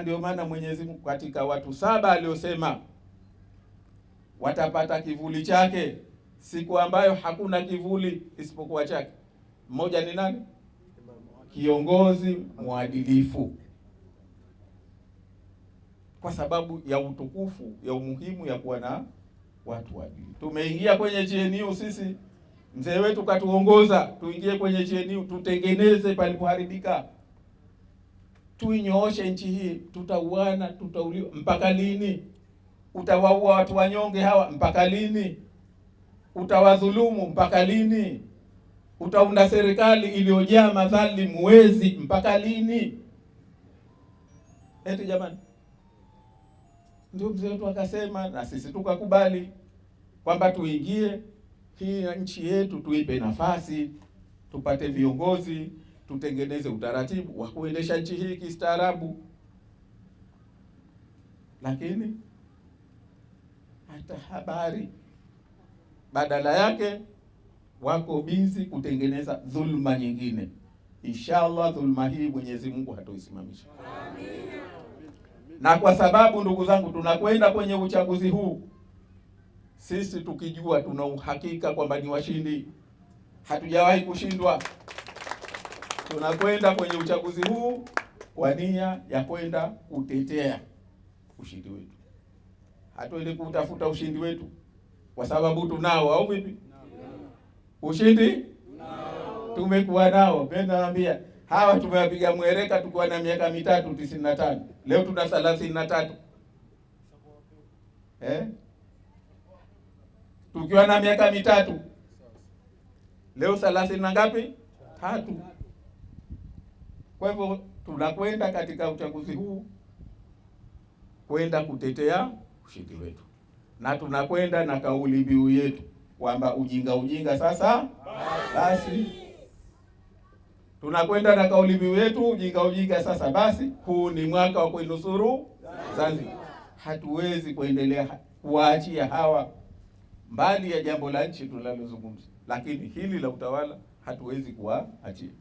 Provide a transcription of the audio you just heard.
Ndio maana Mwenyezi Mungu katika watu saba aliosema watapata kivuli chake siku ambayo hakuna kivuli isipokuwa chake, mmoja ni nani? Kiongozi mwadilifu, kwa sababu ya utukufu ya umuhimu ya kuwa na watu waadilifu. Tumeingia kwenye GNU sisi, mzee wetu katuongoza tuingie kwenye GNU, tutengeneze palipoharibika tuinyooshe nchi hii. Tutauana, tutauliwa mpaka lini? Utawaua watu wanyonge hawa mpaka lini? Utawadhulumu mpaka lini? Utaunda serikali iliyojaa madhalimu wezi mpaka lini? Eti jamani, ndio mzee wetu akasema, na sisi tukakubali kwamba tuingie hii nchi yetu, tuipe nafasi, tupate viongozi tutengeneze utaratibu wa kuendesha nchi hii kistaarabu. Lakini hata habari, badala yake wako bizi kutengeneza dhulma nyingine. Inshallah, dhulma hii Mwenyezi Mungu hatuisimamisha, Na kwa sababu ndugu zangu, tunakwenda kwenye uchaguzi huu sisi tukijua tuna uhakika kwamba ni washindi. Hatujawahi kushindwa tunakwenda kwenye uchaguzi huu kwa nia ya kwenda kutetea ushindi wetu. Hatuendi kutafuta ushindi wetu kwa sababu tunao, au vipi? Ushindi tumekuwa nao. Mimi naambia hawa tumewapiga mwereka tukiwa na miaka mitatu tisini na tano leo tuna thelathini na tatu eh? tukiwa na miaka mitatu leo thelathini na ngapi tatu. Kwa hivyo tunakwenda katika uchaguzi huu kwenda kutetea ushindi wetu, na tunakwenda na kauli mbiu yetu kwamba ujinga ujinga sasa basi. Tunakwenda na kauli mbiu yetu ujinga ujinga sasa basi. Huu ni mwaka wa kuinusuru Zanzibar. Hatuwezi kuendelea kuwaachia hawa mbali ya jambo la nchi tunalozungumza, lakini hili la utawala hatuwezi kuwaachia.